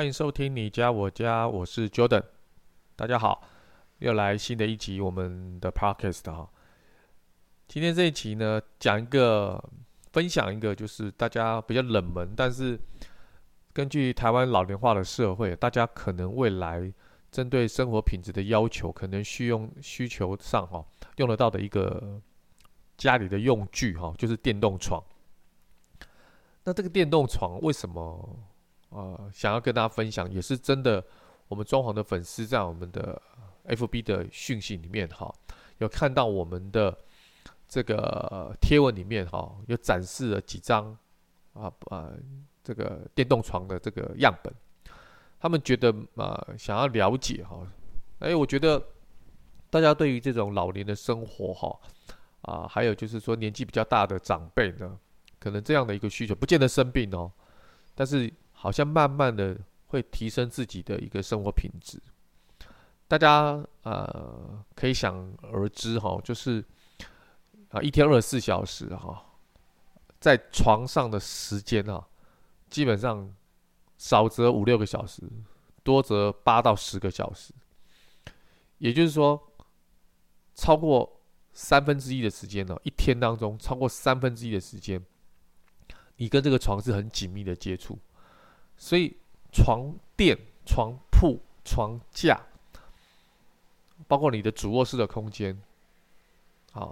歡迎收聽你家我家，我是 Jordan。大家好，又來新的一集，我們的 Podcast 哈、哦。今天這一集呢，講一個分享一個，就是大家比較冷門，但是根據台灣老齡化的社會，大家可能未來針對生活品質的要求，可能需用需求上哈、哦，用得到的一個家裡的用具哈、哦，就是電動床。那這個電動床為什麼？呃，想要跟大家分享，也是真的。我們裝潢的粉絲在我們的 FB 的訊息裡面，哈、哦，有看到我們的這個貼、呃、文裡面，哈、哦，有展示了幾張啊啊，這個電動床的這個樣本。他們覺得啊、呃，想要了解哈，哎、哦欸，我覺得大家對於這種老年的生活哈、哦，啊，還有就是說年紀比較大的長輩呢，可能這樣的一個需求，不見得生病哦，但是。好像慢慢的會提升自己的一個生活品質。大家呃可以想而知哈，就是啊一天二十四小時哈，在床上的時間啊，基本上少則五六個小時，多則八到十個小時。也就是說，超過三分之一的時間哦，一天當中超過三分之一的時間，你跟這個床是很緊密的接觸。所以，床墊、床鋪、床架，包括你的主臥室的空間，啊，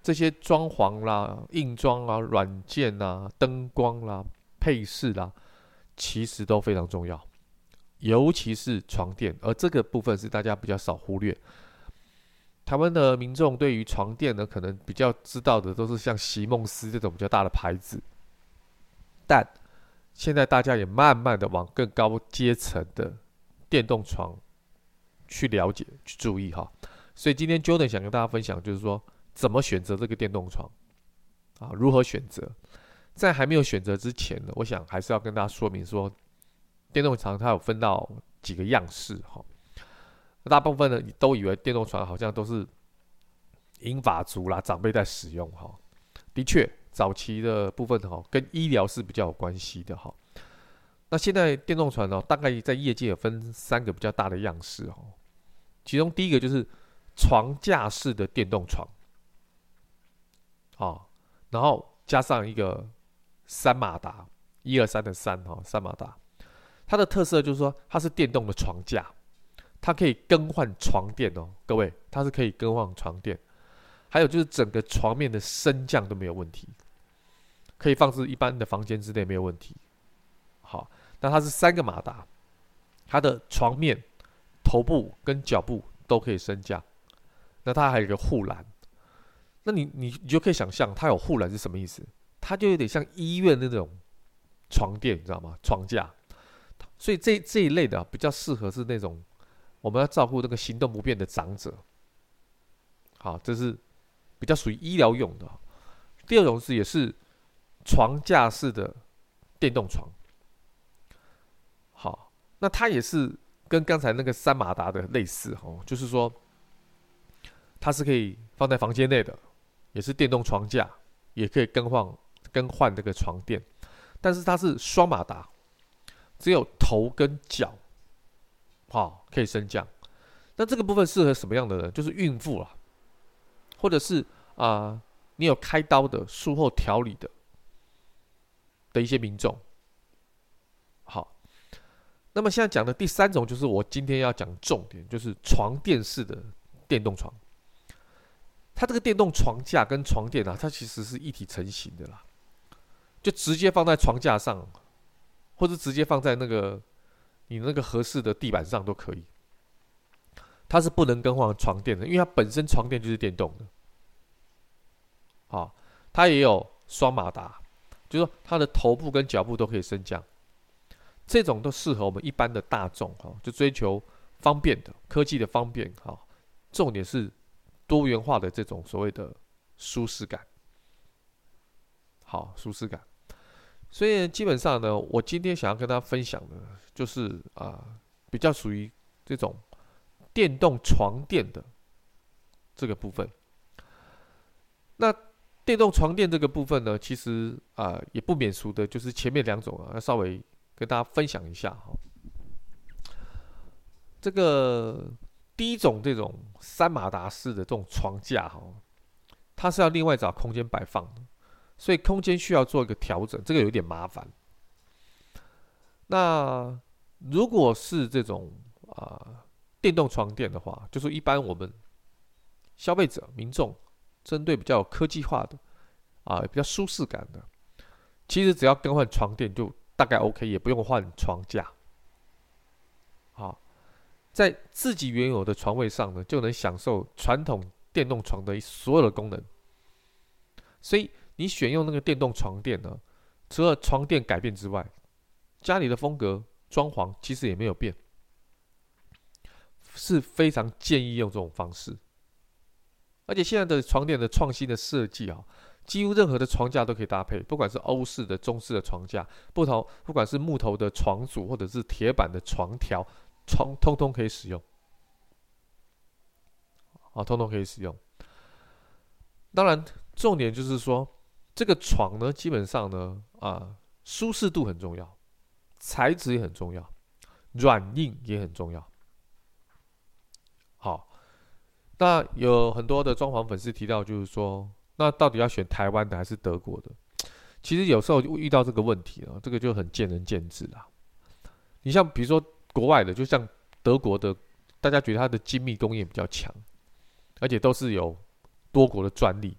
這些裝潢啦、硬裝啊、軟件啦、燈光啦、配飾啦，其實都非常重要。尤其是床墊，而這個部分是大家比較少忽略。台灣的民眾對於床墊呢，可能比較知道的都是像席夢思這種比較大的牌子，但。現在大家也慢慢的往更高階層的電動床去了解、去注意哈。所以今天 Jordan 想跟大家分享，就是說怎麼選擇這個電動床啊？如何選擇？在還沒有選擇之前呢，我想還是要跟大家說明說，電動床它有分到幾個樣式哈。大部分呢，都以為電動床好像都是銀髮族啦、長輩在使用哈。的確。早期的部分哈、哦，跟醫療是比較有關係的哈、哦。那現在電動床呢、哦，大概在業界有分三個比較大的樣式哦。其中第一個就是床架式的電動床，啊、哦，然後加上一個三馬達，一二三的三哈、哦，三馬達。它的特色就是說，它是電動的床架，它可以更換床墊哦，各位，它是可以更換床墊。還有就是整個床面的升降都沒有問題。可以放置一般的房間之內沒有問題。好，那它是三個馬達，它的床面，頭部跟腳部都可以升降。那它還有一個護欄，那你你你就可以想象它有護欄是什麼意思？它就有點像醫院那種床墊，你知道嗎？床架。所以這這一類的啊，比較適合是那種我們要照顧那個行動不便的長者。好，這是比較屬於醫療用的。第二種是也是。床架式的電動床，好，那它也是跟剛才那個三馬達的類似哦，就是說它是可以放在房間內的，也是電動床架，也可以更換更換這個床墊，但是它是雙馬達，只有頭跟腳，好、哦，可以升降。那這個部分適合什麼樣的人？就是孕婦啊，或者是啊、呃，你有開刀的術後調理的。一些民眾，好，那麼現在講的第三種就是我今天要講重點，就是床墊式的電動床。它這個電動床架跟床墊啊，它其實是一體成型的啦，就直接放在床架上，或者直接放在那個你那個合適的地板上都可以。它是不能更換床墊的，因為它本身床墊就是電動的。好，它也有雙馬達。就是說，它的頭部跟腳部都可以升降，這種都適合我們一般的大眾哈，就追求方便的科技的方便哈。重點是多元化的這種所謂的舒適感，好舒適感。所以基本上呢，我今天想要跟大家分享的，就是啊、呃，比較屬於這種電動床墊的這個部分。那。電動床墊這個部分呢，其實啊、呃、也不免俗的，就是前面兩種啊，要稍微跟大家分享一下哈、哦。這個第一種這種三馬達式的這種床架哈、哦，它是要另外找空間擺放，所以空間需要做一個調整，這個有點麻煩。那如果是這種啊、呃、電動床墊的話，就是一般我們消費者、民眾。針對比較有科技化的，啊，也比較舒適感的，其實只要更換床墊就大概 OK，也不用換床架。好，在自己原有的床位上呢，就能享受傳統電動床的所有的功能。所以你選用那個電動床墊呢，除了床墊改變之外，家裡的風格裝潢其實也沒有變，是非常建議用這種方式。而且現在的床墊的創新的設計啊，幾乎任何的床架都可以搭配，不管是歐式的、中式的床架，不同，不管是木頭的床組或者是鐵板的床條，床通通可以使用，啊，通通可以使用。當然，重點就是說，這個床呢，基本上呢，啊，舒適度很重要，材質也很重要，軟硬也很重要。那有很多的裝潢粉絲提到，就是說，那到底要選台灣的還是德國的？其實有時候就遇到這個問題了，這個就很見仁見智啦。你像比如說國外的，就像德國的，大家覺得它的精密工業比較強，而且都是有多國的專利，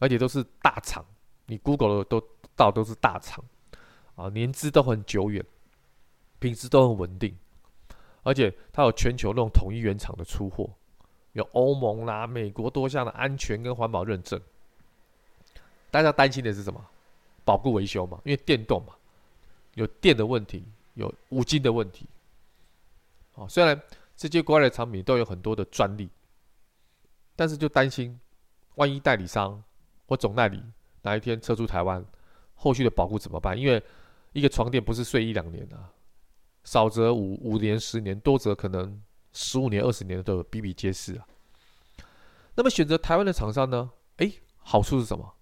而且都是大廠。你 Google 的都到都是大廠啊，年資都很久遠，品質都很穩定，而且它有全球那種統一原廠的出貨。有歐盟啦、啊、美國多項的安全跟環保認證，大家擔心的是什麼？保固維修嘛，因為電動嘛，有電的問題，有五金的問題。好、哦，雖然這些國外的產品都有很多的專利，但是就擔心，萬一代理商或總代理哪一天撤出台灣，後續的保固怎麼辦？因為一個床墊不是睡一兩年啊，少則五五年、十年，多則可能。十五年、二十年的都比比皆是啊。那麼選擇台灣的廠商呢？哎，好處是什麼？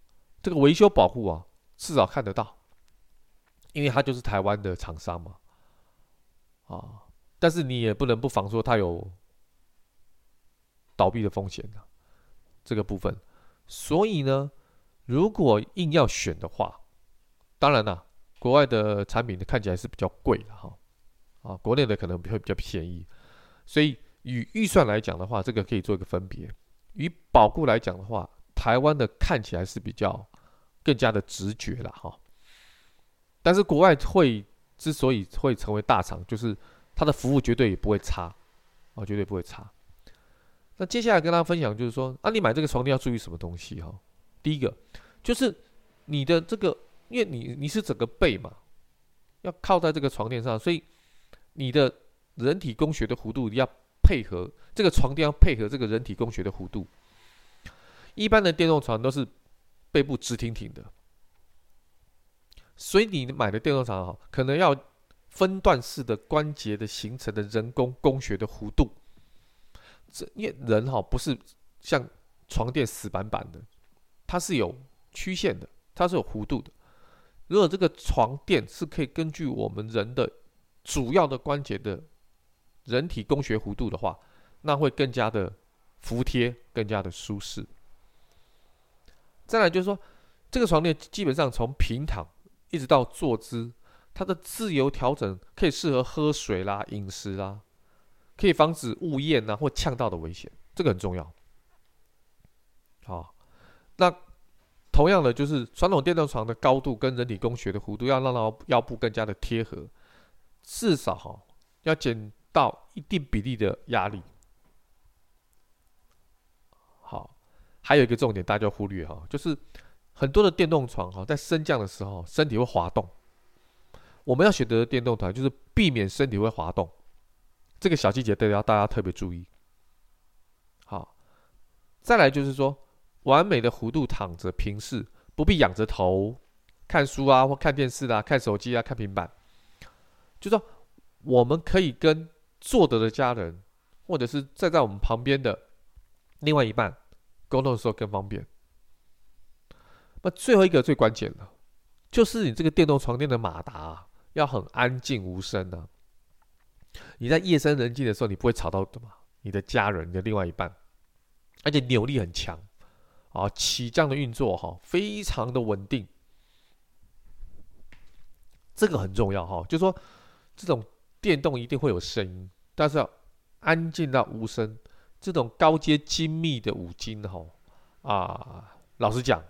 這個維修保護啊，至少看得到，因為它就是台灣的廠商嘛。啊，但是你也不能不防說它有倒閉的風險、啊、這個部分。所以呢，如果硬要選的話，當然啦、啊，國外的產品看起來是比較貴的哈，啊，國內的可能會比較便宜。所以，與預算來講的話，這個可以做一個分別；與保固來講的話，台灣的看起來是比較更加的直覺了哈。但是國外會之所以會成為大廠，就是它的服務絕對也不會差，啊、哦，絕對不會差。那接下來跟大家分享，就是說，那、啊、你買這個床墊要注意什麼東西哈？第一個，就是你的這個，因為你你是整個背嘛，要靠在這個床墊上，所以你的。人體工學的弧度要配合這個床墊，要配合這個人體工學的弧度。一般的電動床都是背部直挺挺的，所以你買的電動床哈，可能要分段式的關節的形成的人工工學的弧度。這人哈不是像床墊死板板的，它是有曲線的，它是有弧度的。如果這個床墊是可以根據我們人的主要的關節的。人體工學弧度的話，那會更加的服帖，更加的舒適。再來就是說，這個床墊基本上從平躺一直到坐姿，它的自由調整可以適合喝水啦、飲食啦，可以防止誤嚥吶或嗆到的危險，這個很重要。好，哦，那同樣的就是傳統電動床的高度跟人體工學的弧度，要讓到腰部更加的貼合，至少哈，哦，要減。到一定比例的壓力，好，還有一個重點大家就忽略哈，就是很多的電動床哈，在升降的時候身體會滑動，我們要選擇的電動床就是避免身體會滑動，這個小細節都要大家特別注意。好，再來就是說完美的弧度躺着平視，不必仰着頭看書啊或看電視啊看手機啊看平板，就說我們可以跟。坐著的家人，或者是站在我們旁邊的另外一半，溝通的時候更方便。那最後一個最關鍵的，就是你這個電動床墊的馬達、啊、要很安靜無聲呢、啊。你在夜深人靜的時候，你不會吵到的嘛？你的家人、的另外一半，而且扭力很強啊，起降的運作哈、啊，非常的穩定。這個很重要哈、啊，就說這種電動一定會有聲音。但是，安靜到無聲，這種高階精密的五金、哦，哈，啊，老實講，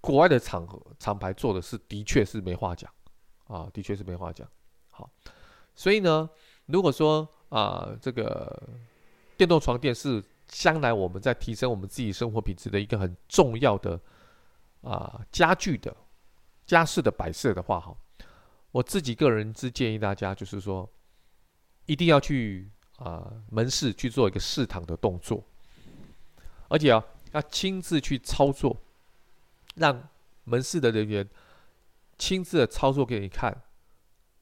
國外的廠廠牌做的是，的確是沒話講，啊，的確是沒話講。好，所以呢，如果說啊，這個電動床墊是將來我們在提升我們自己生活品質的一個很重要的啊家具的家飾的擺設的話，哈，我自己個人是建議大家，就是說。一定要去啊、呃、門市去做一個試躺的動作，而且啊要親自去操作，讓門市的人員親自的操作給你看。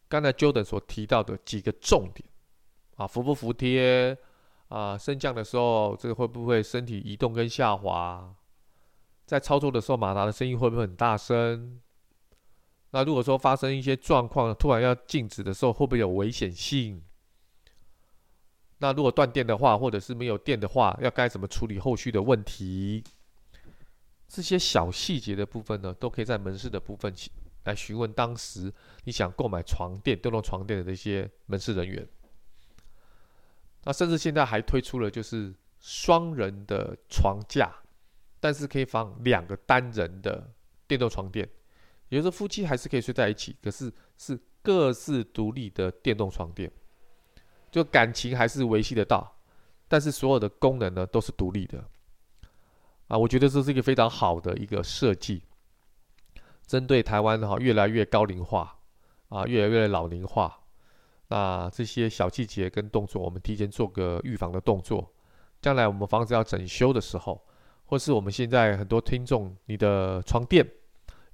剛才 Jordan 所提到的幾個重點啊，服不服帖啊？升降的時候，這個會不會身體移動跟下滑？在操作的時候，馬達的聲音會不會很大聲？那如果說發生一些狀況，突然要靜止的時候，會不會有危險性？那如果斷電的話，或者是沒有電的話，要該怎麼處理後續的問題？這些小細節的部分呢，都可以在門市的部分來詢問當時你想購買床墊電動床墊的這些門市人員。那甚至現在還推出了就是雙人的床架，但是可以放兩個單人的電動床墊，也就是夫妻還是可以睡在一起，可是是各自獨立的電動床墊。就感情還是維繫得到，但是所有的功能呢，都是獨立的，啊，我覺得這是一個非常好的一個設計。針對台灣哈，越來越高齡化，啊，越來越老齡化，那、啊、這些小細節跟動作，我們提前做個預防的動作。將來我們房子要整修的時候，或是我們現在很多聽眾，你的床墊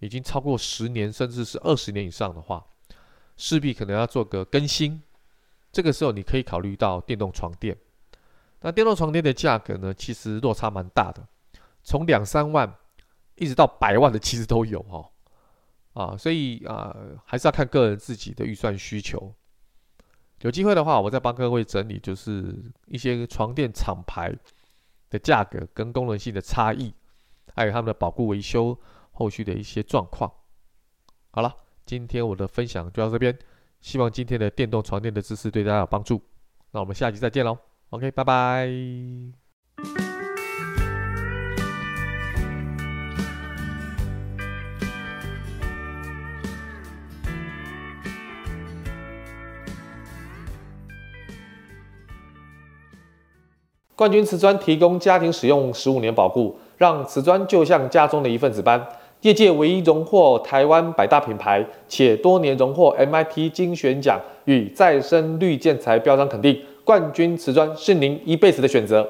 已經超過十年，甚至是二十年以上的話，勢必可能要做個更新。這個時候，你可以考慮到電動床墊。那電動床墊的價格呢？其實落差蠻大的，從兩三萬一直到百萬的，其實都有哈、哦。啊，所以啊，還是要看個人自己的預算需求。有機會的話，我再幫各位整理，就是一些床墊廠牌的價格跟功能性的差異，還有他們的保固維修後續的一些狀況。好了，今天我的分享就到這邊。希望今天的電動床墊的知識對大家有幫助。那我們下集再見嘍。OK，拜拜。冠軍瓷磚提供家庭使用十五年保固，讓瓷磚就像家中的一份子般。業界唯一榮獲台灣百大品牌，且多年榮獲 MIP 精選獎與再生綠建材標章肯定，冠軍瓷磚是您一輩子的選擇。